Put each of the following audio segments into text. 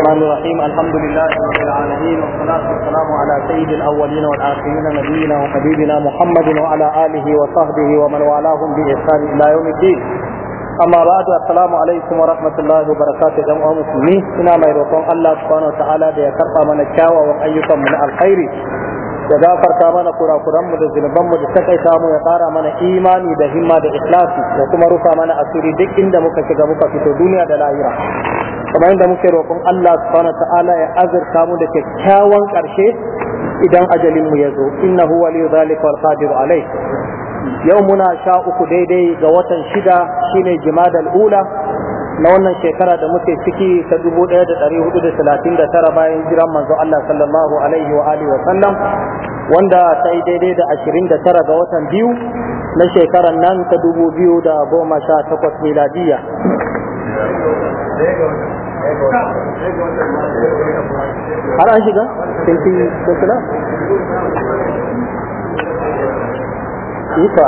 الرحمن الرحيم الحمد لله رب العالمين والصلاة والسلام على سيد الأولين والآخرين نبينا وحبيبنا محمد وعلى آله وصحبه ومن والاهم بإحسان إلى يوم الدين أما بعد السلام عليكم ورحمة الله وبركاته جمع المسلمين إنا ما يروقون الله سبحانه وتعالى بيكرق من الشاوى وأيكم من الخير يغافر كامانا كورا كورام مدى زنبام مدى سكي سامو يقارا من إيماني دا همة دا إخلاصي وكما رفا من أسوري دك إن دا مكا كدا مكا في الدنيا دا لاهرة kamar yadda muke roƙon Allah subhanahu wa ta'ala ya azurta mu da kyakkyawan ƙarshe idan ajalin mu ya zo innahu waliyu zalika wal qadir alai yau muna sha uku daidai ga watan shida shine jimadal ula na wannan shekara da muke ciki ta 1439 bayan jiran manzo Allah sallallahu alaihi wa alihi wa sallam wanda ta yi daidai da 29 ga watan biyu na shekarar nan ta 2018 miladiya har an shiga sai su yi kokula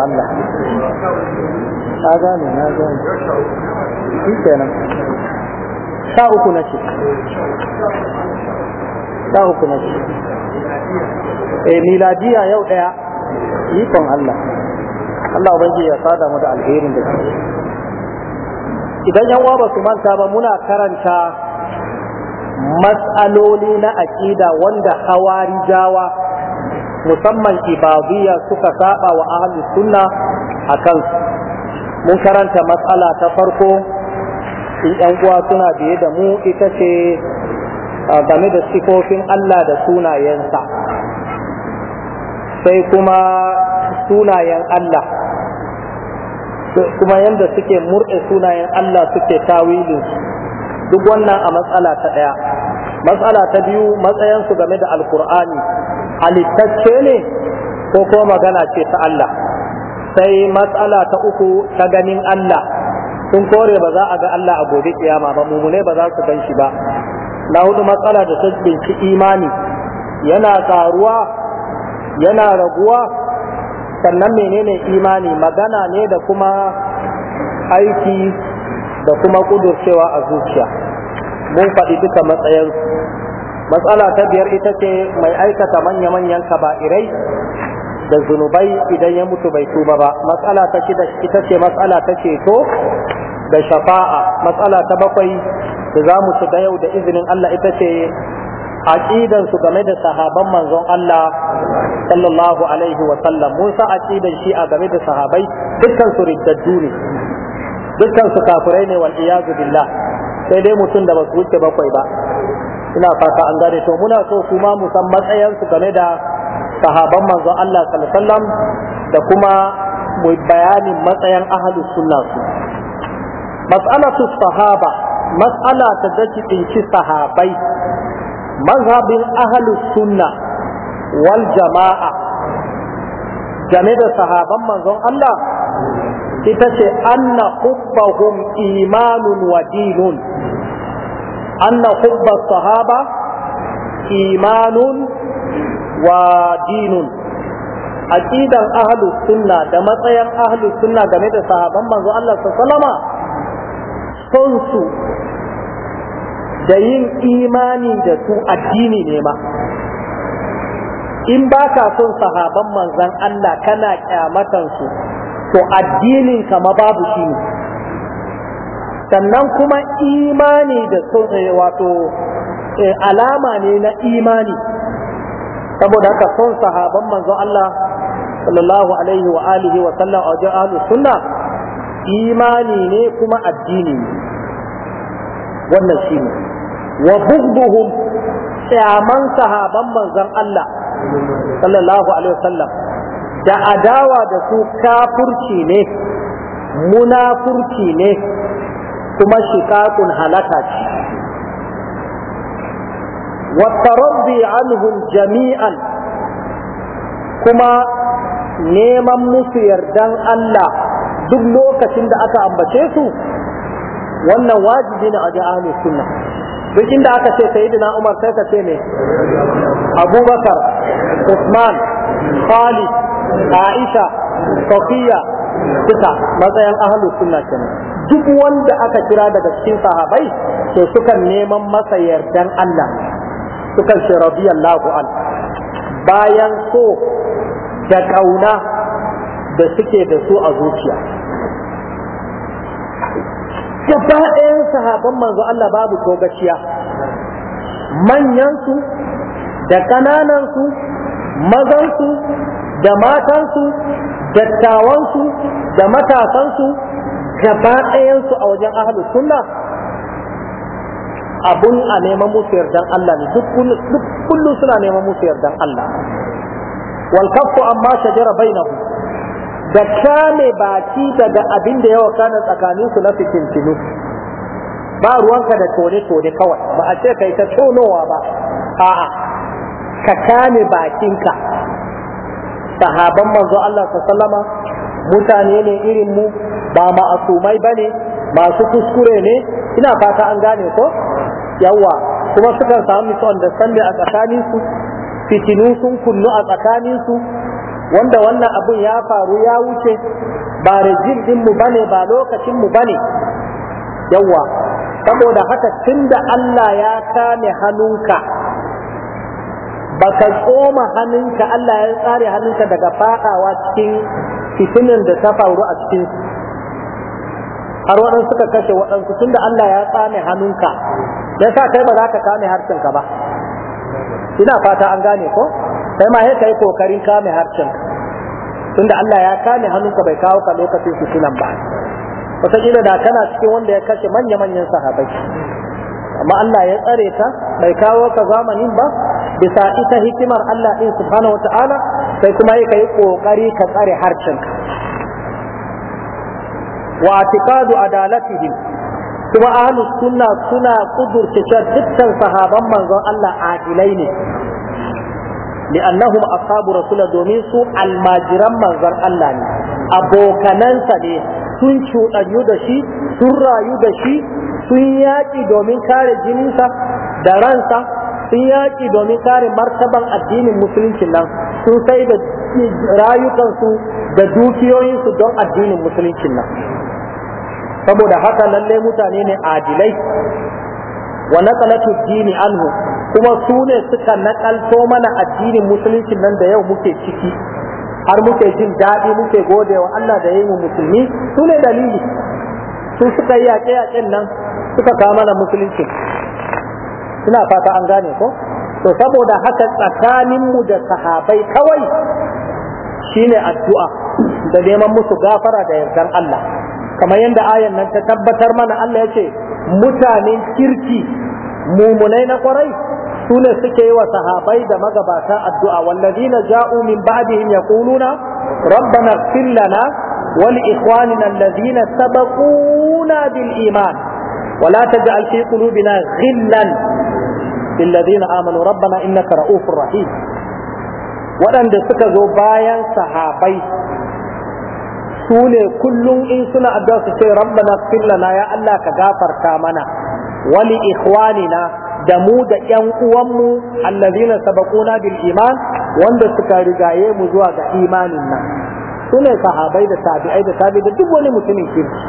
Allah ta gane na gane ita kenan Ta uku na ce sha uku na ce e miladiya yau daya ikon Allah Allah ubangiji ya sada mu da alherin da ke idan yan uwa ba su manta ba muna karanta matsaloli na aƙida wanda hawari jawa musamman ibadiyya suka saba wa ahli sunna a kansu mun karanta matsala ta farko in yan uwa suna biye da mu ita ce game da sifofin Allah da sunayensa sai kuma sunayen Allah kuma yanda suke murɗe sunayen Allah suke tawilin duk wannan a matsala ta ɗaya matsala ta biyu matsayansu game da alkur'ani halittacce ne ko ko magana ce ta Allah sai matsala ta uku ta ganin Allah sun kore ba za a ga Allah a gobe kiyama ba mumune ba za su gan shi ba na hudu matsala da ta binci imani yana karuwa yana raguwa sannan menene imani magana ne da kuma aiki da kuma kudurcewa a zuciya mun faɗi duka matsayin matsala ta biyar ita ce mai aikata manya-manyan kaba'irai da zunubai idan ya mutu bai tuba ba matsala ta shida ita ce matsala ta ceto da shafa'a matsala ta bakwai da za mu shiga yau da izinin Allah ita ce aqidan su game da sahaban manzon Allah sallallahu alaihi wa sallam Musa aqidan shi a game da sahabai dukkan su riddaddu ne dukkan su kafirai ne wal iyazu billah sai dai mutum da basu wuce bakwai ba ina fata an gane to muna so kuma mu san matsayin su game da sahaban manzon Allah sallallahu alaihi wa sallam da kuma mu bayanin matsayin ahlus sunna su mas'alatu sahaba mas'ala ta dace tsinci sahabai mazhabin ahalus sunna wal jama'a game da sahaban manzon Allah ita ce anna hubbahum imanun wa dinun anna hubba sahaba imanun wa dinun aqidan ahalus sunna da matsayin ahalus sunna game da sahaban manzo Allah sallama sun su da yin imani da su addini ne ma in ba ka son sahaban manzan Allah kana kyamatansu to addinin ka ma babu shi ne sannan kuma imani da su eh, wato eh, alama ne na imani saboda haka son sahaban manzan Allah sallallahu alaihi wa alihi wa sallam a wajen ahlus sunna imani ne kuma addini ne wannan shi ne wa bughduhum kyaman sahaban manzon Allah sallallahu alaihi wasallam da adawa da su kafurci ne munafurci ne kuma shiqaqun halaka ce wa taraddi anhum jami'an kuma neman musu yardan Allah duk lokacin da aka ambace su wannan wajibi ne a ga ahlus duk inda aka ce sayyidina Umar sai ka ce me Abubakar Usman Fali, Aisha sofiya duka matsayin ahlus sunna duk wanda aka kira daga cikin sahabai to suka neman masa yardan Allah suka ce radiyallahu an bayan so da kauna da suke da su a zuciya gaba ɗayan sahaban manzo Allah babu togaciya manyansu da ƙananansu mazansu da matansu dattawansu da matasansu gaba ɗayansu a wajen ahalu sunna abun a neman musu yardan Allah ne duk kullum suna neman musu yardan Allah wal kaffu amma shajara bainahu da kame baki daga abin da yawa kana tsakanin su na fitintinu ba ruwanka da tone-tone kawai ba a ce kai ta tonowa ba a'a ka kame bakinka sahaban manzo Allah sallama mutane ne irin mu ba ma'asumai bane masu kuskure ne ina fata an gane ko yawa kuma sukan samu misunderstanding a tsakaninsu fitinu sun kunnu a tsakaninsu wanda wannan abun ya faru ya wuce ba rejim ɗinmu ba ba lokacinmu mu bane yawa saboda haka tunda Allah ya kame hannunka baka koma tsoma hannunka Allah ya tsare hannunka daga fadawa cikin fitinin da ta faru a cikin har waɗansu suka kashe waɗansu tunda Allah ya tsame hannunka ya sa kai ba za ka kame harshenka ba ina fata an gane ko Sai ma sai kai kokarin kame harcen tunda Allah ya kame hannunka bai kawo ka lokacin su sunan ba wataƙila da kana cikin wanda ya kashe manya-manyan sahabai amma Allah ya tsare ka bai kawo ka zamanin ba bisa ita hikimar Allah din subhanahu wata'ala sai kuma yi ka yi kokari ka tsare harcen ka wa atiqadu adalatihim kuma ahlus sunna suna kudurce dukkan sahaban manzon Allah adilai ne li'annahum ashabu rasul domin su almajiran manzon Allah ne abokanansa ne sun cuɗanyu da shi sun rayu da shi sun yaƙi domin kare jininsa da ransa sun yaƙi domin kare martaban addinin musulunci nan sun da rayukansu da dukiyoyinsu don addinin musulunci nan saboda haka lallai mutane ne adilai wa naqalatu dini anhu kuma su ne suka nakalto mana addinin musulunci nan da yau muke ciki har muke jin daɗi muke gode wa Allah da ya yi musulmi su ne dalili su suka yi yaƙe-yaƙen nan suka kawo mana musulunci ina fata an gane ko to saboda haka tsakaninmu da sahabai kawai shine addu'a da neman musu gafara da yardar Allah kamar yadda ayan nan ta tabbatar mana Allah ya ce mutanen kirki mumunai na kwarai su ne suke yi wa sahabai da magabata addu'a wallazina ja'u min ba'dihim yaquluna rabbana fillana, lana wa li ikhwanina allazina sabaquna bil iman ta la taj'al fi qulubina ghillan lil ladina amanu rabbana innaka ra'ufur rahim waɗanda suka zo bayan sahabai su ne kullum in suna addu'a su ce rabbana fillana ya Allah ka gafarta mana wa li ikhwanina da mu da ƴan uwanmu allazina sabaquna bil iman wanda suka rigaye mu zuwa ga imanin nan sune sahabai da tabi'ai da tabi da duk wani mutumin kirki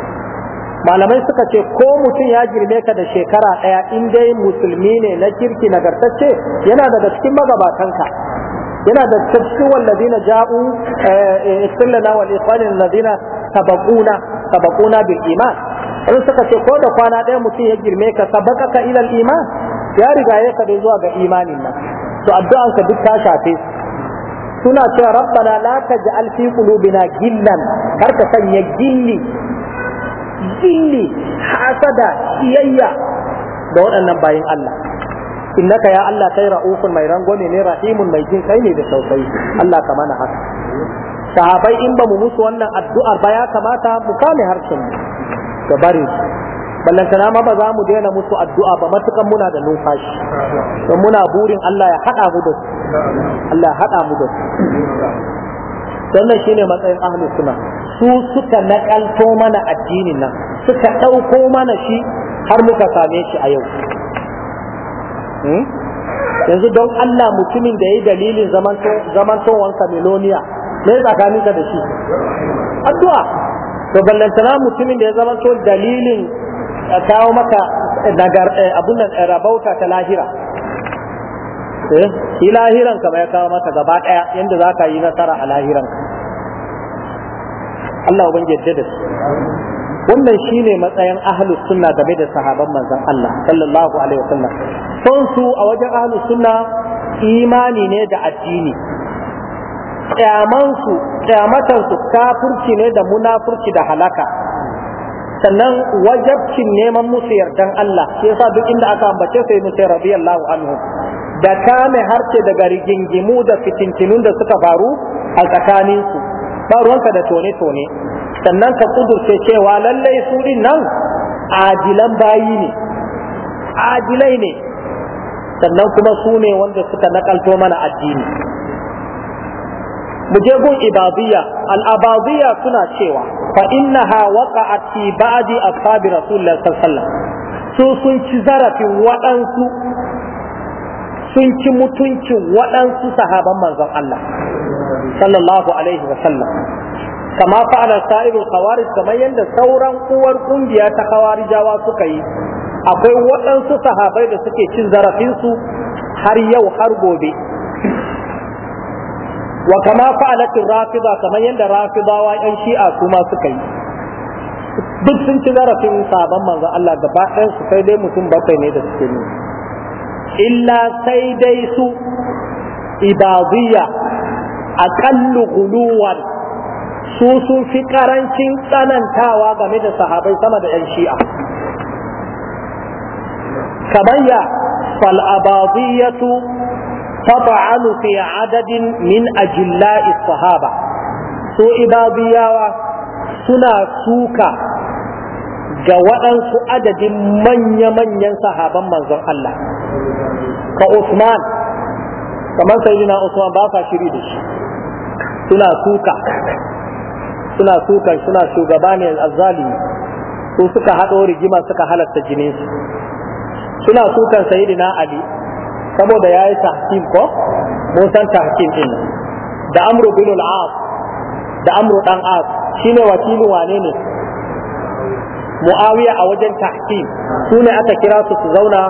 malamai suka ce ko mutum ya girme ka da shekara ɗaya in dai musulmi ne na kirki nagartacce yana daga cikin magabatanka yana da cikin wallazina ja'u eh, istillana wal ikhwanin allazina sabaquna sabaquna bil iman in suka ce ko da kwana ɗaya mutum ya girme ka sabaka ka ilal iman ya riga ya kade zuwa ga imanin nan to addu'an ka duk ta shafe suna cewa rabbana la taj'al fi qulubina gillan kar ka sanya gilli gilli hasada iyayya da waɗannan bayin Allah innaka ya Allah kai ra'ufun mai rangwame ne rahimun mai jin kai ne da saukai Allah ka mana haka sahabai in ba mu musu wannan addu'ar ba ya kamata mu kame harshen mu ga bari ballantana ma ba za mu daina musu addu'a ba matukan muna da numfashi don muna burin Allah ya haɗa mu da su Allah ya haɗa mu da su sannan shine matsayin ahlus suna su suka nakalto mana addinin nan suka ɗauko mana shi har muka same shi a yau hmm? yanzu don Allah mutumin da ya yi dalilin zamantowansa miloniya me tsakaninka da shi addu'a to ballantana mutumin da ya zamanto dalilin kawo maka nagar eh, eh, abun nan eh, rabauta ta lahira shi lahiran ka bai kawo maka gaba daya yanda za ka yi nasara a lahiran ka Allah ubangi yadda da wannan shine matsayin ahlus sunna game da sahaban manzon Allah sallallahu alaihi wasallam son su a wajen ahlus sunna imani ne da addini kyamansu su kafurci ne da munafurci da halaka sannan wajabcin neman musu yardan Allah shi yasa duk inda aka ambace sai musu radiyallahu anhu da kame harce daga rigingimu da fitintinun da suka faru a tsakanin su ba ruwanka da tone tone sannan ka kudurce cewa lallai su din nan ajilan bayi ne ajilai ne sannan kuma su ne wanda suka nakalto mana addini mu je gun ibadiyya al suna cewa fa innaha waqa'at fi ba'di ashabi rasulullahi sallallahu alaihi wasallam su sun ci zarafin waɗansu sun ci mutuncin waɗansu sahaban manzon Allah sallallahu alaihi wa sallam. kama fa'ala sa'irul khawarij kamar yadda sauran uwar kungiya ta khawarijawa suka yi akwai waɗansu sahabai da suke cin zarafinsu har yau har gobe wa kama fa'alatin rafida kamar yadda rafidawa yan shi'a kuma suka yi duk sun ci zarafin sabon manzo Allah gaba ɗayan su sai dai mutum bakwai ne da suke ne illa sai dai su ibadiyya aqallu guluwan su sun fi karancin tsanantawa game da sahabai sama da yan shi'a kamar ya fal abadiyatu fata'anu fi adadin min ajilla'i sahaba so ibabiyawa suna suka ga waɗansu adadin manya-manyan sahaban manzon Allah ka Usman kamar sayyidina Usman ba sa shiri da shi suna suka suna suka suna shugaba ne azzalimi su suka haɗo rigima suka halarta jininsu suna sukan sayyidina Ali saboda ya yi tahkim ko mun san tahkim din da amru bin al-as da amru dan as shine wakilin wane ne muawiya a wajen tahkim sune aka kira su su zauna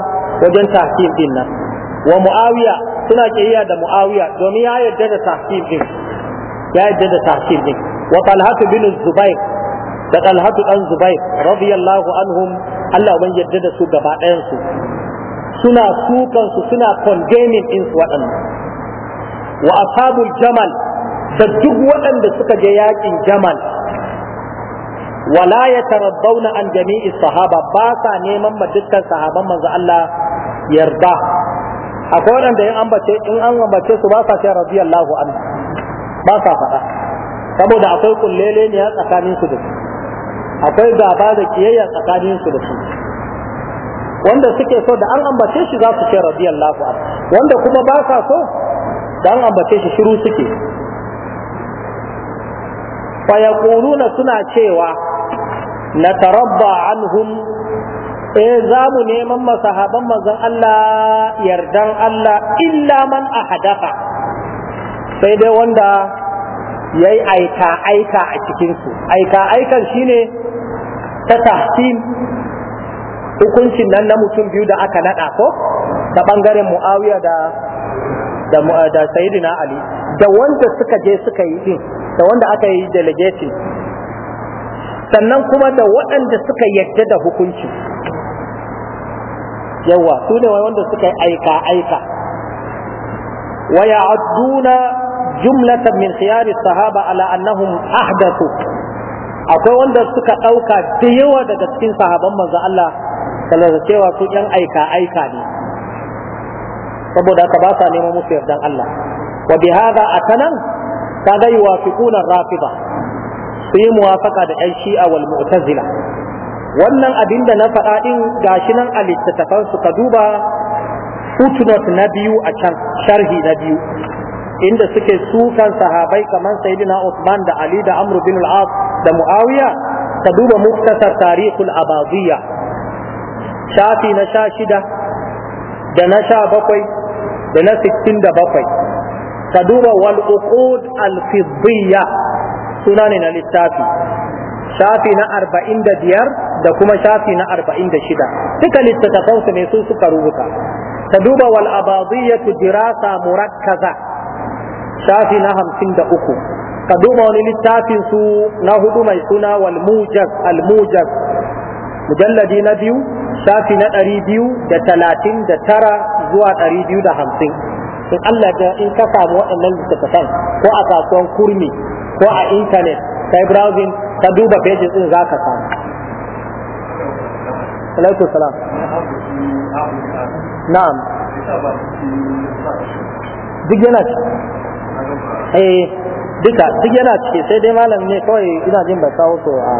wajen tahkim din nan wa muawiya suna kiyaya da muawiya domin ya yarda da tahkim din ya yarda da tahkim din wa talhatu bin zubair da talhatu dan zubair radiyallahu anhum Allah ban yarda da su gaba ɗayan su suna sukansu suna condemning din su waɗannan wa ashabul jamal da duk waɗanda suka je yakin jamal wala ya tarabbawna an jami'i sahaba ba sa neman ma dukkan sahaban manzo Allah yarda akwai waɗanda in ambace in an ambace su ba sa ce radiyallahu anhu ba sa faɗa saboda akwai kullele ne tsakanin su da su akwai gaba da kiyayya tsakanin su da su wanda suke so da an ambace shi za su ce radiyallahu anhu wanda kuma ba sa so da an ambace shi shiru suke fa yaquluna suna cewa na tarabba anhum eh za mu neman masahaban manzon Allah yardan Allah illa man ahadafa sai dai wanda ya yi aika-aika a cikinsu aika-aikan shine ta tahsin hukuncin nan na mutum biyu da aka naɗa ko ta ɓangaren mu'awiya da da da sayyidina ali da wanda suka je suka yi din da wanda aka yi delegating sannan kuma da waɗanda suka yadda da hukunci yawa su ne wanda suka yi aika aika wa ya'adduna jumlatan min khiyari sahaba ala annahum ahdathu akwai wanda suka ɗauka da yawa daga cikin sahaban manzo Allah saboda cewa ku yan aika aika ne saboda haka ba sa neman musu yardan Allah wa bi hadha atanan kaga yuwafiquna rafida su yi muwafaƙa da yan shi'a wal mu'tazila wannan abin da na faɗa ga shi nan a littattafan su ka duba footnote na biyu a can sharhi na biyu inda suke sukan sahabai kamar sayyidina Usman da Ali da Amr bin al-As da Muawiya ka duba muktasar tarihul abadiyya shafi na sha shida da na sha bakwai da na sittin da bakwai ka duba wal uqud al fiddiya suna ne na littafi shafi na arba'in da biyar da kuma shafi na arba'in da shida duka littattafansu ne su suka rubuta ka duba wal abadiyatu dirasa murakkaza shafi na hamsin da uku ka duba wani littafin su na hudu mai suna wal mujaz al mujaz mujalladi na biyu littafi na ɗari biyu da talatin da tara zuwa ɗari biyu da hamsin in Allah da in ka samu waɗannan littattafan ko a kasuwan kurmi ko a intanet kai browsing ka duba pages din za ka samu alaikum salam na'am duk yana ci eh duka duk yana ci sai dai malam ne kawai ina jin ba kawo so a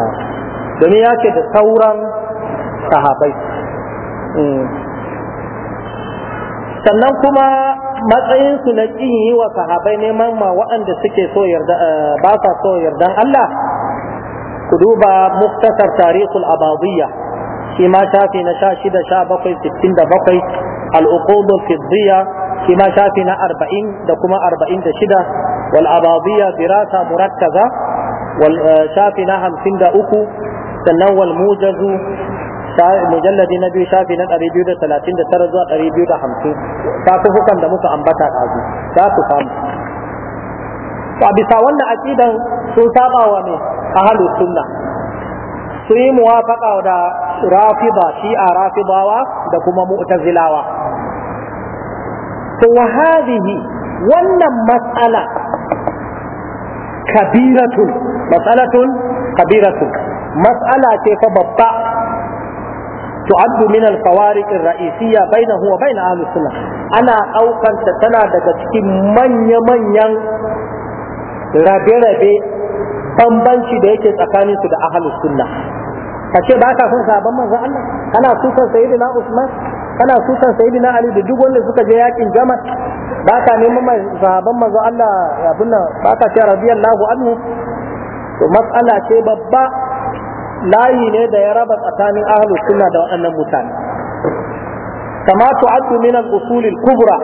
domin ya ce da sauran sahabai Mm. sannan kuma matsayinsu na ƙin yi wa sahabai neman ma waɗanda suke so yarda eh, ba sa so yardan Allah ku duba muktasar tarihul abadiyya shi ma shafi na sha shida sha bakwai sittin da bakwai al'uqudul fiddiya shi ma shafi na arba'in da kuma arba'in da shida wal abadiyya birasa murakkaza wal eh, shafi na hamsin da uku sannan wal mujazu mujalladi na biyu shafi na tara zuwa ɗari biyu da muka ambata ɗazu za ku samu a bisa wannan aƙidan sun saba wa ne ahlu sunna su yi muwafaqa da shi a rafibawa da kuma mu'tazilawa to wa wannan mas'ala kabiratun mas'alatun kabiratun mas'ala ce fa babba تعد من الفوارق الرئيسية بينه وبين أهل السنة أنا أوكن تتنا دكتي من يمن ين ربي ربي bambanci da yake tsakanin su da ahlus sunna kace ba ka son sabon manzon Allah kana sukan sayyidina Usman kana sukan sayyidina Ali da duk wanda suka je yakin jama ba ka neman mai sabon manzon Allah abin nan ba ka ce radiyallahu anhu to mas'ala ce babba layi ne da ya raba tsakanin ahlus suna da waɗannan mutane kama tu'addu min al-usul al-kubra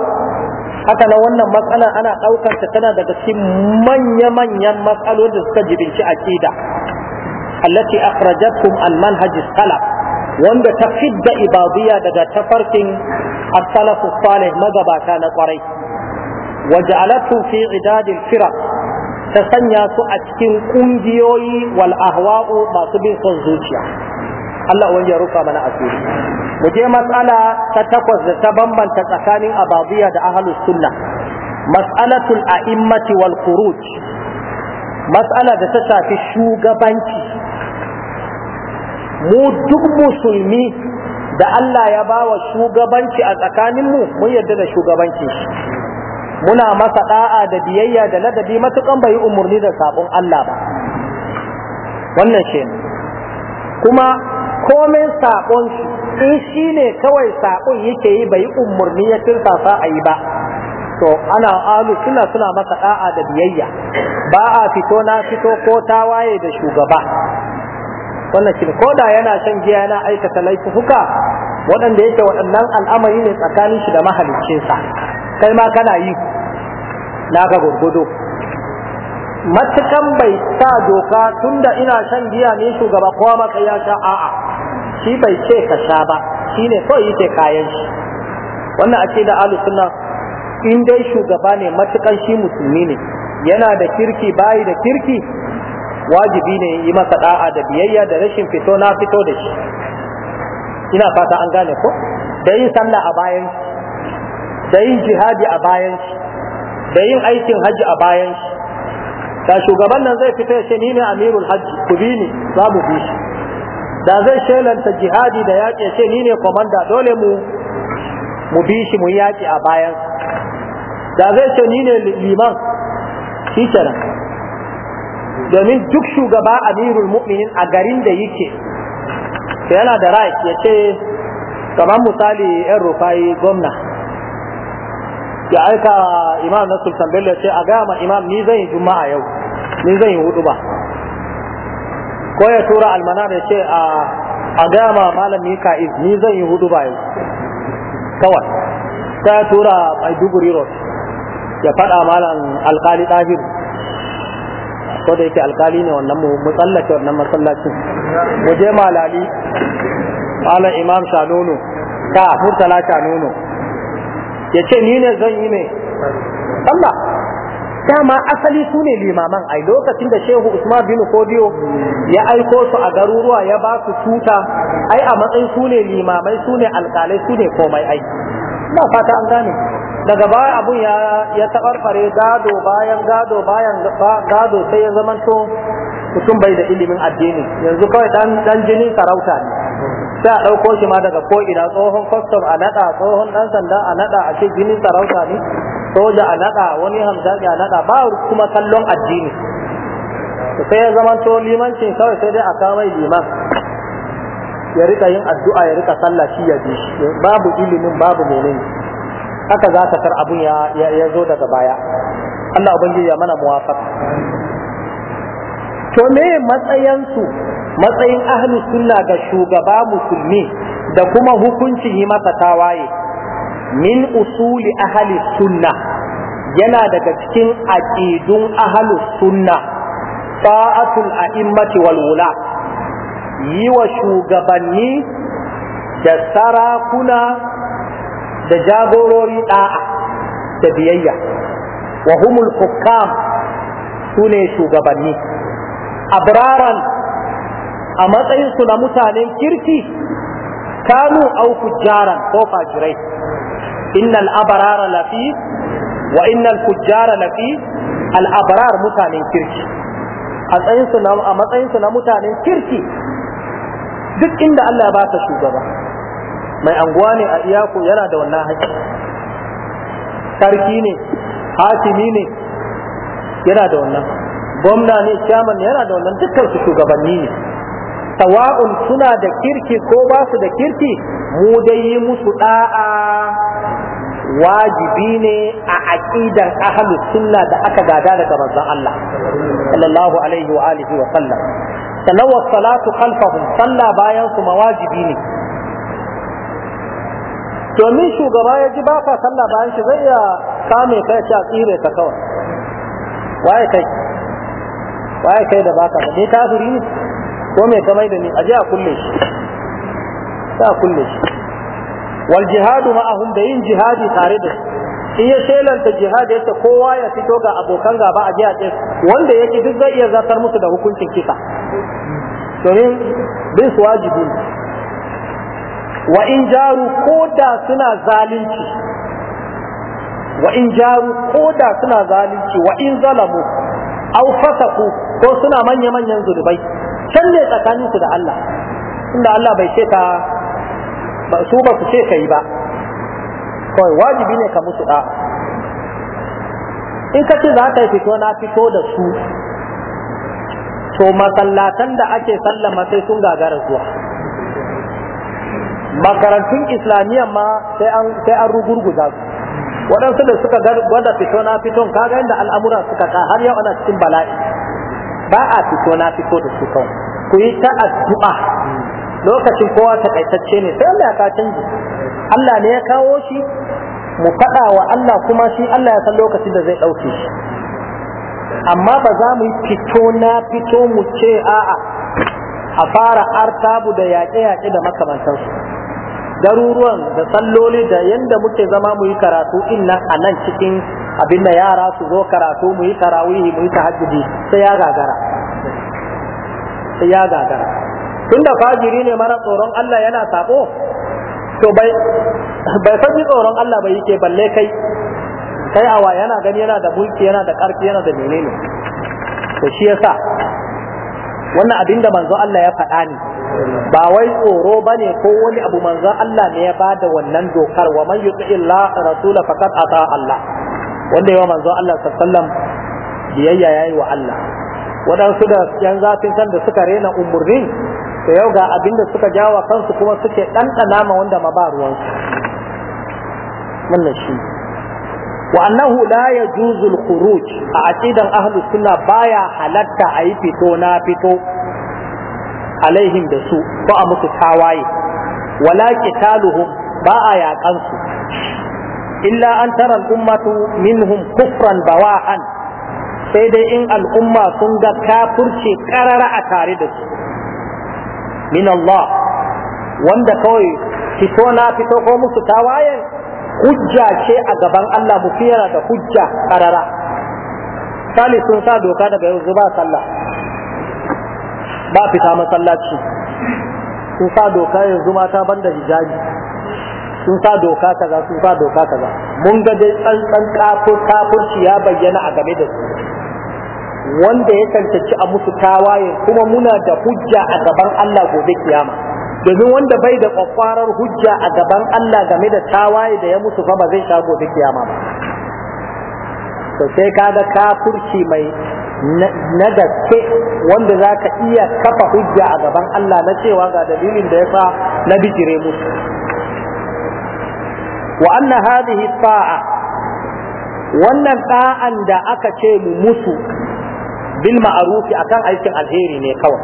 haka na wannan matsala ana ɗaukar ta tana daga cikin manya-manyan matsalolin da suka jibinci aqida allati akhrajatkum al-manhaj salaf wanda ta fidda ibadiyya daga tafarkin as-salaf salih magabata na kwarai waja'alatu fi idadil firaq ta sanya su a cikin ƙungiyoyi wal ahwa'u masu bin son zuciya Allah wani ya rufa mana asiri mu je matsala ta takwas da ta bambanta tsakanin ababiya da ahlus sunna mas'alatul a'immati wal khuruj mas'ala da ta shafi shugabanci mu duk musulmi da Allah ya bawa shugabanci a tsakaninmu mun yarda da shugabancin shi muna masa da'a da biyayya da ladabi matukan bai umarni da sabon Allah ba wannan shi kuma komai sabon shi in shi ne kawai sabon yake yi bai umarni ya kirsa sa a yi ba to ana alu suna suna masa da'a da biyayya ba a fito na fito ko ta waye da shugaba wannan shi ko da yana shan giya yana aikata laifuka waɗanda yake waɗannan al'amari ne tsakanin shi da mahaliccinsa kai ma kana yi naka gurgudu matukan bai sa doka tunda ina shan giya ne shugaba kowa maka ya sha a'a shi bai ce ka sha ba shi ne kawai yake kayan shi wannan a ce da alu in dai shugaba ne matukan shi musulmi ne yana da kirki bayi da kirki wajibi ne yi masa da'a da biyayya da rashin fito na fito da shi ina fata an gane ko da yin sallah a bayan shi da yin jihadi a bayan shi da yin aikin hajji a bayan shi da shugaban nan zai fita ya ce ni ne amirul hajji ku bi ni za mu bi shi da zai shelanta jihadi da yaƙi ce ni ne komanda dole mu mu bi shi mu yaƙi a bayan da zai ce ni ne liman shi kenan domin duk shugaba amirul mu'minin a garin da yake yana da rai ya ce kamar misali yan rufayi gwamna ya aika imam na sultan bello ya ce a ma imam ni zan yi juma'a yau ni zan yi hudu ba ko ya tura almanar ya ce a gaya ma malam ka'iz ni zan yi hudu ba yau kawai ta ya tura maiduguri road ya faɗa malam alkali ɗahir ko da yake alkali ne wannan mu mu tsallake wannan masallacin mu je malali malam imam shanono ta murtala shanono ya ce ni ne zan yi ne sallah dama asali su ne limaman ai lokacin da shehu usman bin kodiyo ya aiko su a garuruwa ya ba su tuta ai a matsayin su ne limamai su ne alkalai su ne komai ai na fata an gane daga baya abun ya ya tabarfare gado bayan gado bayan gado sai ya zamanto mutum bai da ilimin addini yanzu kawai dan dan jinin sarauta ne sai a ɗauko shi ma daga ko ina tsohon kwastam a naɗa tsohon ɗan sanda a naɗa a ce jinin sarauta ne soja a naɗa wani hamzami a naɗa ba kuma kallon addini sai ya zama to limancin kawai sai dai a kama liman ya rika yin addu'a ya rika sallah shi ya bi babu ilimin babu menene haka za ka tar abun ya zo daga baya Allah ubangiji ya mana muwafaq to me matsayansu matsayin ahli sunna ga shugaba musulmi da kuma hukuncin yi masa tawaye min usuli ahli sunna yana daga cikin aqidun ahli sunna ta'atul a'immati wal wula yi wa shugabanni da sarakuna da jagorori da'a da biyayya wa humul hukam sune shugabanni abraran a matsayin su na mutanen kirki kanu au fujjaran ko fajirai innal abarara lafi wa innal fujjara lafi al abrar mutanen kirki a matsayin su na a matsayin su na mutanen kirki duk inda Allah ba ta shugaba mai anguwa ne a iyaku yana da wannan haƙƙi sarki ne hakimi ne yana da wannan gwamna ne shaman yana da wannan dukkan su shugabanni ne sawa'un suna da kirki ko ba su da kirki mu dai yi musu da'a wajibi ne a aqidar ahlus sunna da aka gada daga manzon Allah sallallahu alaihi wa alihi wa sallam sannan wa salatu khalfahum sallah bayan su mawajibi ne domin shugaba ya ji ba ka sallah bayan shi zai iya kame kai a tsire ka kawai waye kai waye kai da baka ne kafiri ne ko mai kamai da ni a je a kulle shi sai a kulle shi wal jihadu ma'ahum da yin jihadi tare da shi in ya shelanta jihad yadda kowa ya fito ga abokan gaba a a ce wanda yake duk zai iya zartar musu da hukuncin kisa domin bin su wajibi wa in jaru koda suna zalunci wa in jaru da suna zalunci wa in zalamu aw fasaku ko suna manya manyan zulubai can ne tsakaninku da Allah inda Allah bai ce ka su ba su ce ka yi ba kawai wajibi ne ka musu da in ka ce za ka yi fito na fito da su to masallatan da ake sallama sai sun gagara zuwa makarantun islamiyya ma sai an rugurguza su waɗansu da suka gwada fito na fito kaga inda al'amura suka ka har yau ana cikin bala'i ba a fito na fito da su kawai ku yi ta addu'a lokacin kowa ta kaitacce ne sai Allah ya ka canji Allah ne ya kawo shi mu faɗa wa Allah kuma shi Allah ya san lokacin da zai ɗauke shi amma ba za mu yi fito na fito mu ce a'a a fara artabu da yaƙe-yaƙe da makamantansu daruruwan da salloli da yanda muke zama mu yi karatu in nan a nan cikin abin da yara su zo karatu mu yi tarawihi mu yi tahajjudi sai ya gagara sai ya gagara tunda fajiri ne mara tsoron Allah yana sako to bai bai san tsoron Allah bai yake balle kai kai awa yana gani yana da mulki yana da karfi yana da menene to shi yasa wannan abin da manzo Allah ya faɗa ne ba wai tsoro bane ko wani abu manzo Allah ne ya bada wannan dokar wa man yuti illa rasula faqad ata Allah wanda ya manzo Allah sallallahu alaihi biyayya yayi wa Allah Waɗansu da yan zafin san da suka rena umurni to yau ga abinda suka jawa kansu kuma suke ɗanɗana ma wanda ma ba ruwansu wannan shi وأنه لا يجوز الخروج أعتقد أهل السنة بايا حلتا أي fito نا fito? alaihim da su ba a musu tawaye wala qitaluhum ba a yaƙan su illa an tara al'ummatu minhum kufran bawahan sai dai in al'umma sun ga kafurce karara a tare da su min Allah wanda kawai fito na fito ko musu tawayen hujja ce a gaban Allah mu fiyara da hujja karara sali sun sa doka daga yanzu ba sallah ba fita masallaci sun sa doka yanzu mata ban da hijabi sun sa doka za, sun sa doka za. mun ga dai tsantsan kafur kafurci ya bayyana a game da su wanda ya tantance a musu tawaye kuma muna da hujja a gaban Allah gobe kiyama domin wanda bai da kwakwarar hujja a gaban Allah game da tawaye da ya musu fa ba zai sha gobe kiyama ba to sai kaga kafurci mai na gaske wanda za ka iya kafa hujja a gaban Allah na cewa ga dalilin da ya sa na bijire musu wa anna hadhihi ta'a wannan ta'an da aka ce mu musu bil ma'ruf akan aikin alheri ne kawai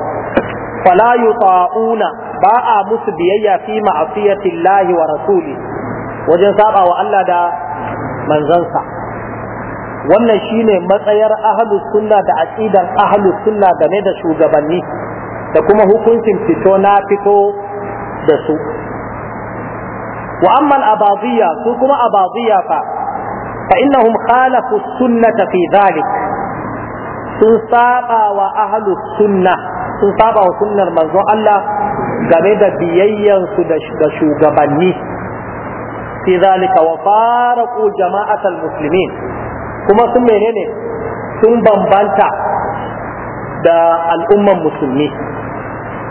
fala yuta'una ba a musu biyayya fi ma'asiyati Allah wa rasuli wajen saba wa Allah da manzansa wannan shine matsayar ahlus sunna da aqidar ahlus sunna game da shugabanni da kuma hukuncin fito na fito da su wa amma al-abadiyya su kuma abadiyya fa fa innahum khalafu sunnata fi dhalik sun saba wa ahlus sunna sun saba wa sunnar manzon Allah game da biyayyansu da shugabanni fi dhalika wa faraqu jama'atal muslimin kuma sun menene sun bambanta da al'umman musulmi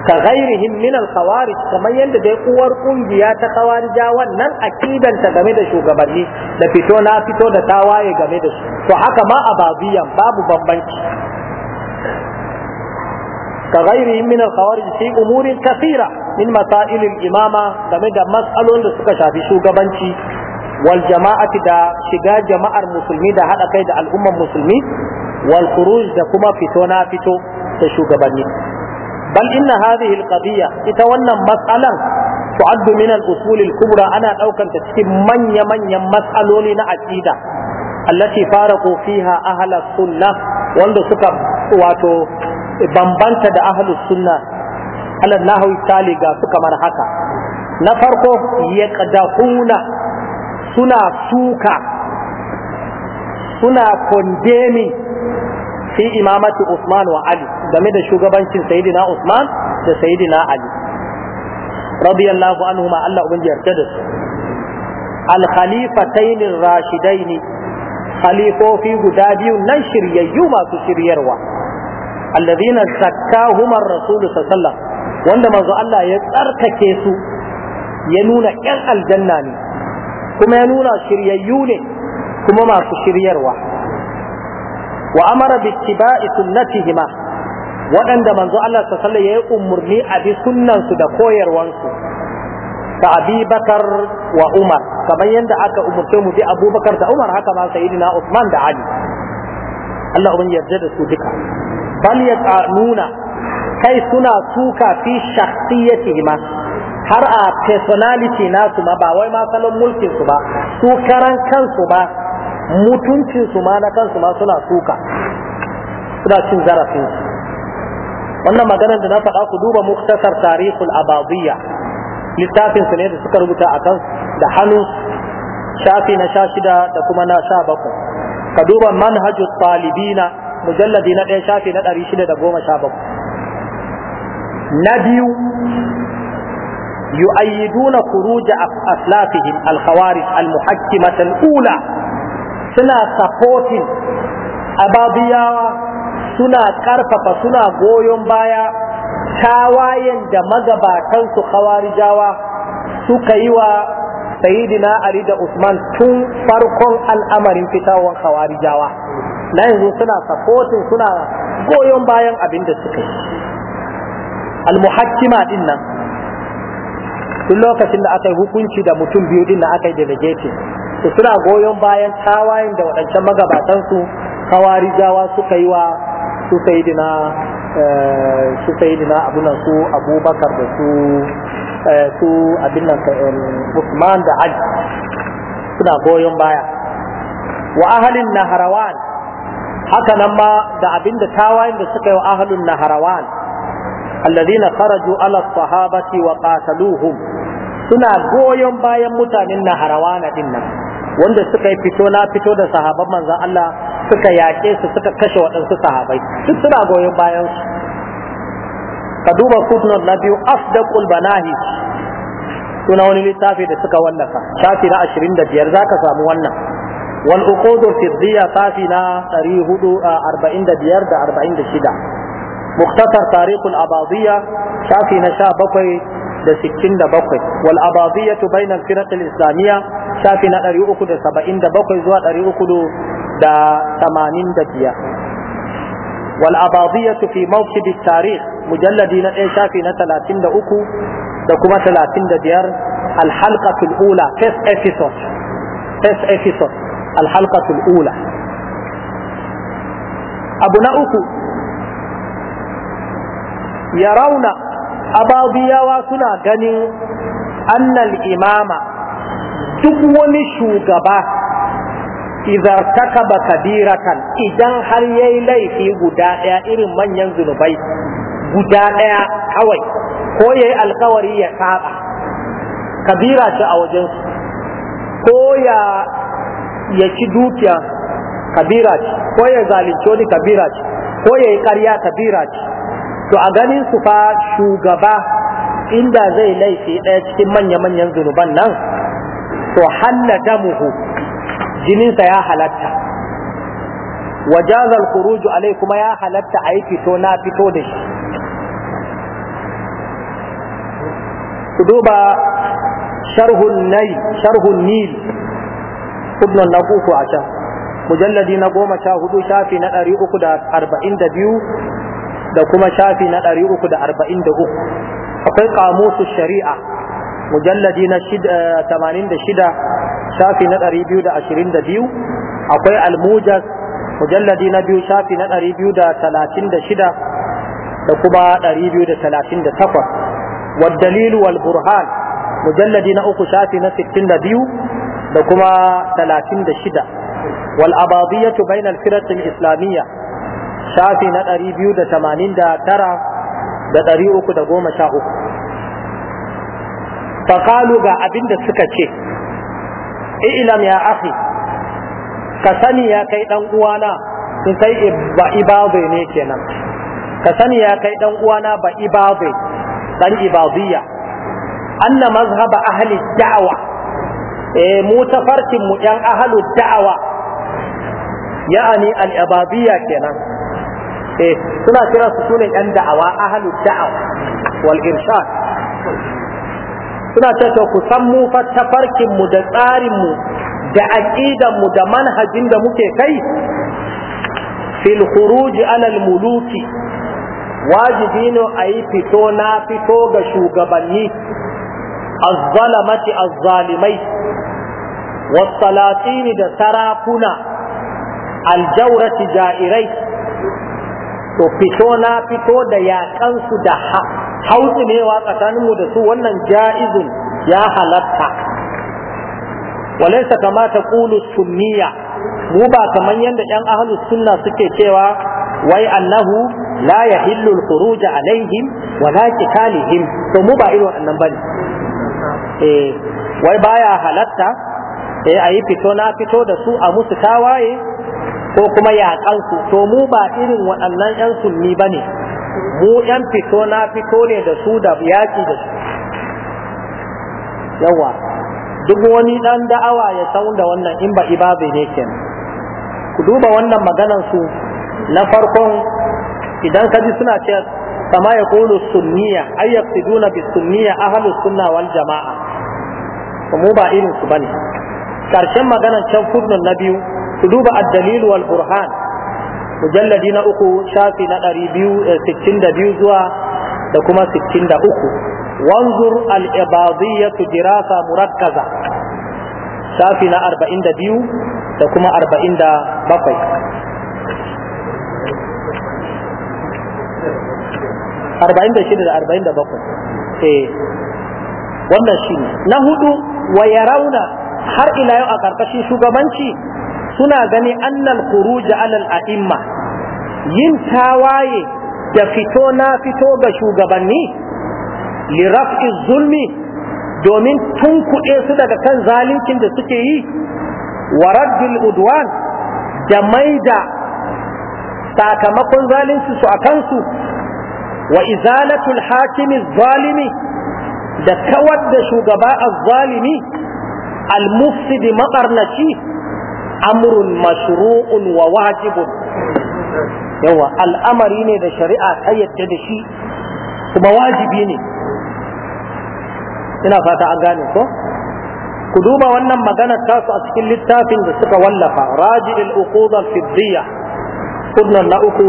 ka ghairihim min al-khawarij kamar yadda dai uwar kungiya ta khawarija wannan akidanta ta game da shugabanni da fito na fito da tawaye game da su to haka ma ababiyan babu bambanci ka ghairihim min al-khawarij fi umurin kathira min masail al-imama game da mas'alolin da suka shafi shugabanci wal jama'ati da shiga jama'ar musulmi da haɗa kai da al'ummar musulmi wal da kuma fito na fito da shugabanni bal inna hadhihi ita wannan mas'alan تعد من الأصول الكبرى أنا أو كنت من يمن يمسألوني نعجيدة التي فارقوا فيها wato bambanta وندو سكا واتو بمبانت دا أهل السنة على النهو التالي سكا من حكا نفرقوا يقدحون suna suka suna kondemi fi imamati Usman wa Ali game da shugabancin Sayyidina Usman da Sayyidina Ali radiyallahu anhu ma Allah ubangiji yarda da su al khalifatayn rashidaini khalifofi guda biyu nan shiryayyu masu shiryarwa alladhina zakkahum ar-rasul sallallahu wanda manzo Allah ya tsarkake su ya nuna ƴan aljanna ne kuma ya nuna shiryayyu ne kuma masu shiryarwa wa amara bi ittiba'i sunnatihima waɗanda manzo Allah ta salla ya yi umarni a bi sunnansu da koyarwansu ka abi bakar wa umar kamar yadda aka umarce mu bi abubakar da umar haka ma sayyidina usman da ali Allah ubin yarda da su duka bal ya nuna kai suna suka fi shakhsiyatihima har a personality nasu ma ba wai ma salon mulkin su ba su kansu ba mutuncin su ma na kansu ma suna suka suna cin zarafin su wannan maganar da na faɗa ku duba muktasar tarihul abadiyya littafin su ne da suka rubuta a kan da hannu shafi na sha shida da kuma na sha bakwai ka duba manhaju talibina mujalladi na ɗaya shafi na ɗari shida da goma sha bakwai na biyu يؤيدون خروج أسلافهم الخوارج المحكمة الأولى سنا سبوت أبابيا سنا كرفة سنا غويم بايا تاواين دمغبا كنس خوارجاوا سكيوا سيدنا علي دا عثمان تون فرقون الأمر انفتاوا خوارجاوا na yanzu suna sapotin suna goyon bayan abin da suka yi al-muhakkima din nan duk lokacin da aka yi hukunci da mutum biyu din da aka yi delegating to suna goyon bayan tawayen da waɗancan magabatan su kawarijawa suka yi wa su sayidina eh, su sayidina abunan su abubakar da su eh, su abin nan eh, Usman da Ali suna goyon baya wa ahalin naharawan haka nan ma da abin da tawayen da suka yi wa ahalin naharawan alladhina kharaju ala sahabati wa qataluhum suna goyon bayan mutanen na harawana din nan wanda suka yi fito na fito da sahaban manzan Allah suka yaƙe su suka kashe waɗansu sahabai duk suna goyon bayan su ka duba footnote na biyu afdaqul banahi suna wani littafi da suka wallafa shafi na 25 zaka samu wannan wal uqudur fiddiyya safi na arba'in da 46 muktasar tarikhul abadiyya shafi na 17 da sittin da bakwai wal abadiyatu bainal firaq al islamiyya shafi na ɗari uku da saba'in da bakwai zuwa ɗari uku da tamanin da biyar wal abadiyatu fi mawqid al tarikh mujalladi na ɗaya shafi na talatin da uku da kuma talatin da biyar al halqatu al ula first episode first episode al halqatu al ula abu na uku yarawna ababiyawa suna ganin annal imama duk wani shugaba idan takaba kabiratan idan har yayi laifi guda ɗaya irin manyan zunubai guda ɗaya kawai ko yayi alkawari ya saba kabira ce a wajen ko ya ya ci dukiya kabira ce ko ya zalunci wani kabira ce ko ya yi ƙarya kabira ce to a ganin su fa shugaba inda zai laifi ɗaya cikin manya-manyan zunuban nan to hannata muhu jininsa ya halatta wajazar kuruju alai kuma ya halatta a yi fito na fito da shi ku duba sharhun nai sharhun nil ibn a can mujalladi na goma sha hudu shafi na ɗari uku da arba'in da biyu da kuma shafi na 343 akwai kamusu shari'a mujalladi na 86 eh, shafi na 222 akwai almujas mujalladi na biyu shafi na 236 da kuma 238 والدليل والبرهان mujalladi na uku shafi na 62 da kuma 36 والأباضية بين الفرق islamiyya. shafi na ɗari biyu da tamanin da tara da ɗari uku da goma sha uku Fakalu ga abin da suka ce ilam ya afi ka sani ya kai ɗan uwana sun kai ibabe ne kenan ka sani ya kai ɗan uwana ba ibabe ɗan ibadiyya anna mazhaba ahli da'awa eh mu tafarkin mu yan ahalu da'awa ya'ani al-ibadiyya kenan eh suna kira su sune yan da'awa ahalu da'aw wal irshad suna cewa ku san mu fa tafarkin mu da tsarin mu da aqidan mu da manhajin da muke kai fil khuruj ala al muluki wajibi ne a yi fito na fito ga shugabanni azzalamati azzalimai wasalatini da sarakuna aljaurati jairai to fito na fito da su da ne hautsinewa tsakaninmu da su wannan ja'izun ya halatta walaisa kama ta Kulu sunniya mu ba kamar yadda 'yan ahli sunna suke cewa wai annahu la yahillu al-khuruj alaihim wa la qitalihim to mu ba irin wannan bane eh wai baya halatta eh ayi fito na fito da su a musu tawaye ko kuma yaƙansu to mu ba irin waɗannan 'yan sulmi ba ne mu 'yan fito na fito ne da su da yaƙi da su yawa duk wani ɗan da'awa ya san da wannan in ba ibabe ne kenan ku duba wannan maganan su na farkon idan ka ji suna ce kama ya kulu sunniya ay yaqsiduna bis sunniya ahlus sunna wal jamaa mu ba irin su bane karshen maganan can furnan na biyu ku duba ad-dalil wal burhan mujalladi na uku shafi na 262 eh, zuwa da kuma 63 wanzur al-ibadiyyatu dirasa murakkaza shafi na 42 da kuma 47 arba'in da shida da arba'in da bakwai eh, wannan shi na hudu wa ya rauna har ila yau a ƙarƙashin shugabanci suna gani annal khuruj alal a'imma yin tawaye da fito na fito ga shugabanni li raf'i zulmi domin tunkuɗe su daga kan zaluncin da suke yi wa raddul udwan da maida sakamakon zalunci su a kansu wa izalatul hakimi zalimi da kawar da shugaba az-zalimi al-mufsidi maɓarnaci amrun mashru'un wa wajibun yawa al'amari ne da shari'a ta yadda da shi kuma wajibi ne ina fata an gane ko ku duba wannan maganar tasu a cikin littafin da suka wallafa raji al-uqud kudnan na uku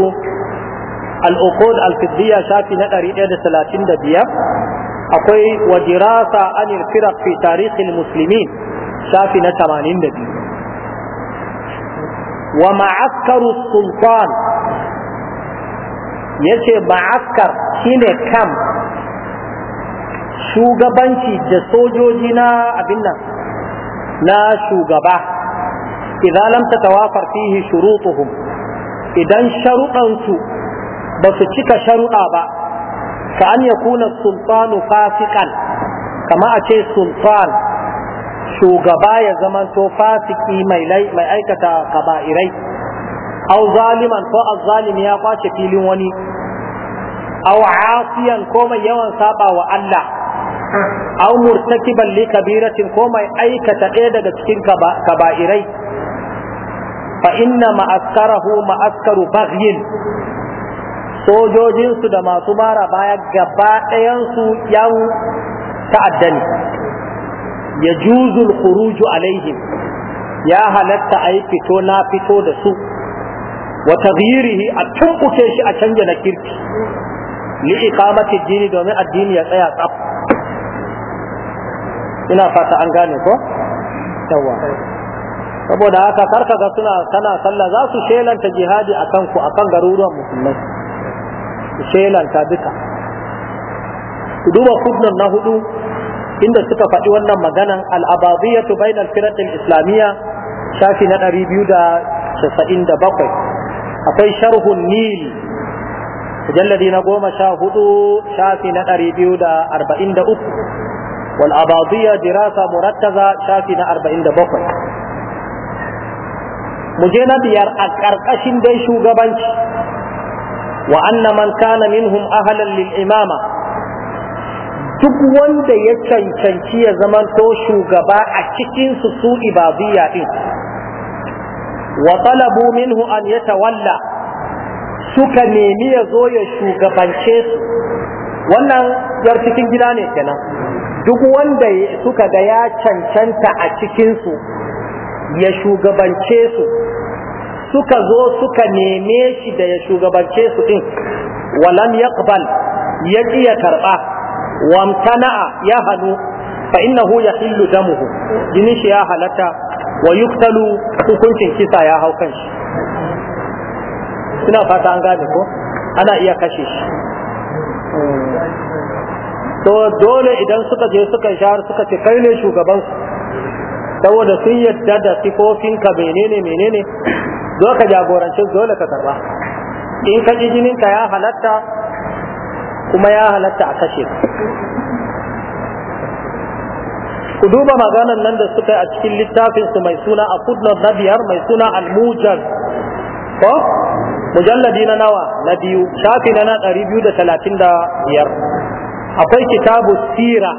al-uqud al-fiddiyya shafi na 135 akwai wa dirasa anil firaq fi tarikh al-muslimin shafi na 82 wa ma'akkaru sultan ya ce shine kam shugabanci da sojoji na abin nan na shugaba idan lam tatawafar fihi shurutuhum idan sharuɗansu ba su cika sharuɗa ba ka an yakuna sultanu fasikan kama a ce sultan shugaba ya zama to fasiki mai mai aikata kaba'irai aw zaliman ko azzalimi ya kwace filin wani aw asiyan ko mai yawan saba wa Allah aw murtakiban li kabiratin ko mai aikata ɗaya daga cikin kaba'irai fa inna ma'askarahu ma'askaru baghyin sojojinsu da masu mara baya gaba su yan ta'adda ne ya juzul khuruju alaihim ya halatta a yi fito na fito da su wa taghyirihi a tumbuke shi a canja na kirki li iqamati dini domin addini ya tsaya tsaf ina fata an gane ko yawa saboda haka karka ga suna tana sallah za su shelanta jihadi akan ku akan garuruwan musulman. su shelanta duka ku duba kudnan na hudu inda suka faɗi wannan maganan al'abadiyatu bainal firatil islamiyya shafi na ɗari biyu da da bakwai. akwai sharhun nil mujalladi na goma sha hudu shafi na ɗari biyu da da arba'in uku. wal abadiyya dirasa murattaza shafi na arba'in da bakwai. Mu je na biyar a ƙarƙashin dai shugabanci wa anna man kana minhum ahalan lil imama duk wanda ya cancanci ya zamanto shugaba a cikin su su ibadiyya din wa talabu minhu an yatawalla suka nemi ya zo ya shugabance su wannan yar cikin gida ne kenan duk wanda suka ga ya cancanta a cikin su ya shugabance su suka zo suka neme shi da ya shugabance su din walam yaqbal ya ya karba wamtana'a ya فإنه يحل دمه yahillu damuhu jinin shi ya halatta wa هوكنش سنة kisa ya hau kanshi suna fata an gane ana iya kashe shi to dole idan suka je suka shahar suka ce kai ne shugaban saboda sun yadda da ka menene menene zo ka jagorance dole ka karba in ka ji ya halatta kuma ya halatta a kashe ku duba maganar nan da suka yi a cikin littafin su mai suna a kudnar na biyar mai suna al ko mujalladi na nawa na biyu shafi na na ɗari biyu da talatin da biyar akwai kitabu sira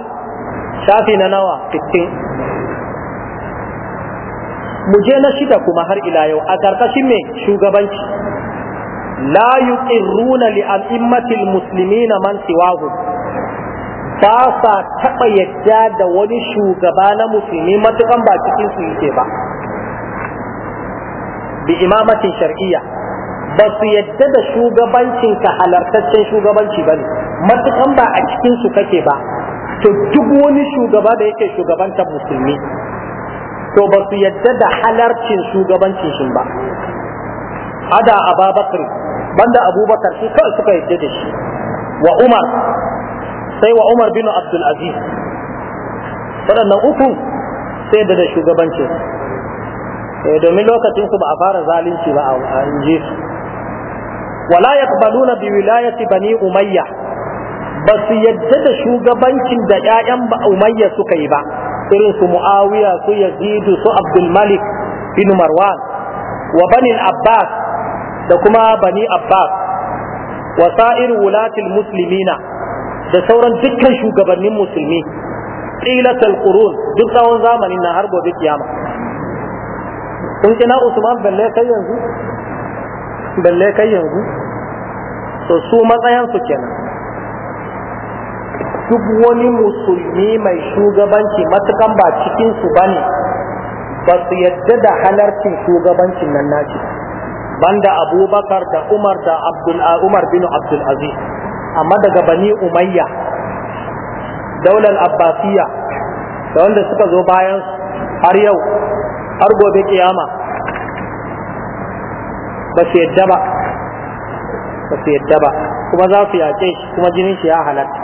shafi na nawa 15 mu je na shida kuma har ila yau a karkashin mai shugabanci la yuqirruna li al'immatil muslimina man siwahu ba sa taɓa yadda da wani shugaba na musulmi matukan ba cikin su yake ba bi imamatin shar'iyya ba su yadda da shugabancin ka halartaccen shugabanci ba ne matukan ba a cikin su kake ba to duk wani shugaba da yake shugabantar musulmi to ba su yadda da halarcin shugabancin shi ba ada ababakar banda abubakar shi kawai suka yadda da shi wa umar sai wa umar bin abdul aziz waɗannan uku sai da shugabancin. Eh domin lokacin su ba a fara zalunci ba a inji su wala yaqbaluna bi wilayati bani umayya ba su yadda da shugabancin da ƴaƴan ba umayya suka yi ba irin su muawiya su yazidu su abdul malik bin marwan wa bani abbas da kuma bani abbas wa sa'ir wulatil muslimina da sauran dukkan shugabannin musulmi qilatal qurun duk tsawon zamanin na har gobe kiyama kun kina usman balle kai yanzu balle kai yanzu to su matsayan su kenan duk wani musulmi mai shugabanci matukan ba cikin su bane ba su yadda da halarcin shugabancin nan naci banda abubakar da umar da Abdul umar bin abdul aziz amma daga bani umayya daular abbasiya da wanda suka zo bayan har yau har gobe kiyama ba su yadda ba ba su yadda ba kuma za su yace shi kuma jinin shi ya halatta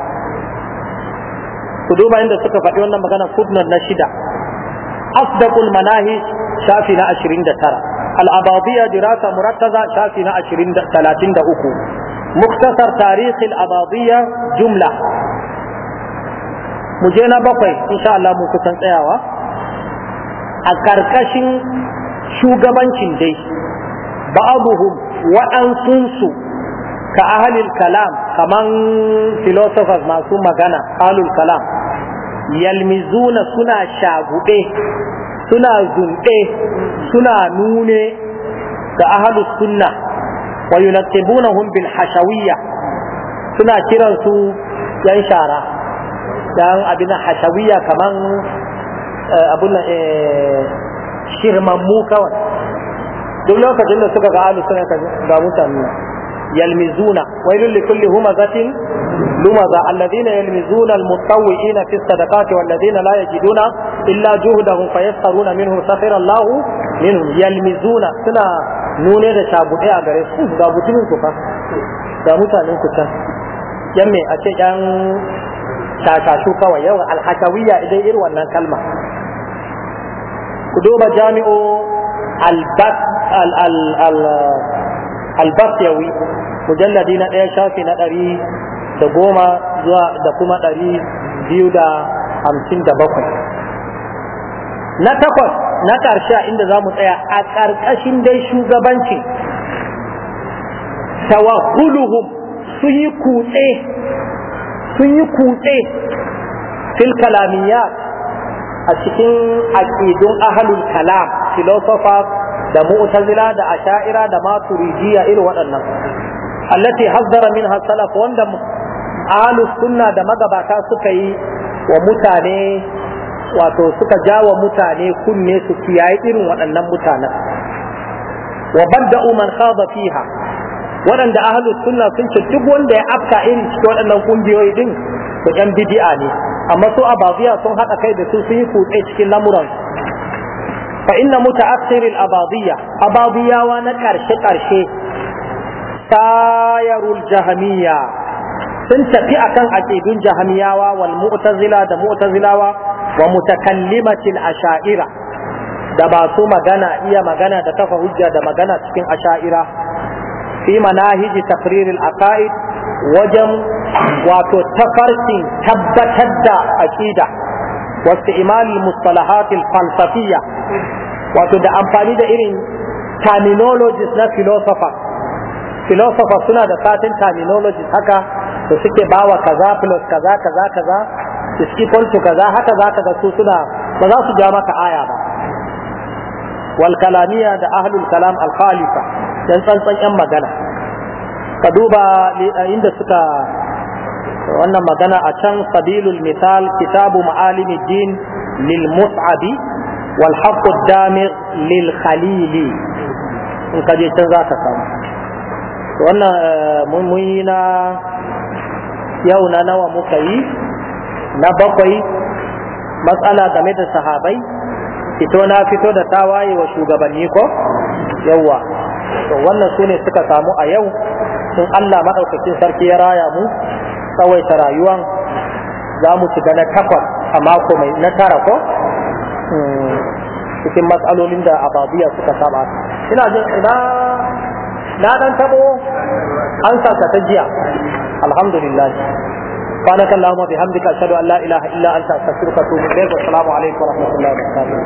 ku duba inda suka faɗi wannan magana kudnan na shida asdaqul manahi shafi na ashirin da tara الأباضية دراسة مركزة شافنا عشرين ثلاثين دقوة مختصر تاريخ الأباضية جملة مجينا بقي إن شاء الله مكتن تياوة أكاركشن شوغبانشن دي بعضهم وأنسنسو كأهل الكلام كمان فيلوسوفرز masu magana alul kalam yalmizuna suna shaguɗe suna zunɗe suna nune da ahalus sunna wa yunaqibunahum bil hashawiyya suna kiran su yan shara yan abin hashawiyya kaman eh, abun eh, shirmammu kawai duk lokacin da suka ga ahalus sunna ga mutane يلمزون ويل لكل همزة لمزة الذين يلمزون المتطوئين في الصدقات والذين لا يجدون illa juhdahum fayasqaruna minhum safira Allahu minhum yalmizuna suna nune da shaguɗe a gare su ga mutumin ku fa ga mutanen ku can yan me a ce yan shashashu kawai yawan alhakawiya idan irin wannan kalma ku duba jami'o al-basaawi albasiyawi mujalladi na ɗaya shafi na ɗari da goma zuwa da kuma ɗari biyu da hamsin da bakwai na takwas na ƙarshe inda za mu tsaya a ƙarƙashin dai shugabanci tawakuluhum sun yi kutse sun yi kutse fil a cikin aƙidun ahalul kalam philosophers da mu'tazila da asha'ira da maturidiya irin waɗannan allati hazzara minha salaf wanda ahlus sunna da magabata suka yi wa mutane wato suka jawa mutane kunne su kiyaye irin waɗannan mutanen wa badda man khaba fiha waɗanda ahlu sunna sun ce duk wanda ya afka irin cikin waɗannan kungiyoyi din to yan bid'a ne amma su abaziya sun haɗa kai da su sun yi kutse cikin lamuran fa inna muta'assir al-abadiyya abadiyawa na karshe karshe sayarul jahamiyya sun tafi akan aqidun jahamiyawa wal mu'tazila da mu'tazilawa wa mutakallimatil asha'ira da ba su magana iya magana da kafa hujja da magana cikin asha'ira fi manahiji tafriril aqaid wajen wato tafarkin tabbatar da aqida wa istimal mustalahatil falsafiyya wato da amfani da irin terminologies na philosopher philosopher suna da satin terminologies haka da suke bawa kaza plus kaza kaza kaza is equal kaza haka zaka ka su suna ba za su ja maka aya ba Walkalamiya da ahlul kalam alkhalifa yan dan tsantsan yan magana ka duba inda suka wannan magana a can sabilul misal kitabu ma'alimi din lil mus'abi wal haqqu damir lil khalili in ka je can ka samu wannan eh, mun yi na yau na nawa muka yi na bakwai matsala game da sahabai fito na fito da tawaye wa shugabanni ko yawa to wannan su suka samu a yau in Allah maɗaukakin sarki ya raya mu tsawaita rayuwan za mu shiga na takwas a mako mai na tara ko hmm. cikin matsalolin da ababiya suka saba ina jin ina na dan tabo an sa ta jiya alhamdulillah subhanaka allahumma bihamdika ashhadu an allah ilaha illa anta astaghfiruka wa atubu ilayk wa assalamu alaikum wa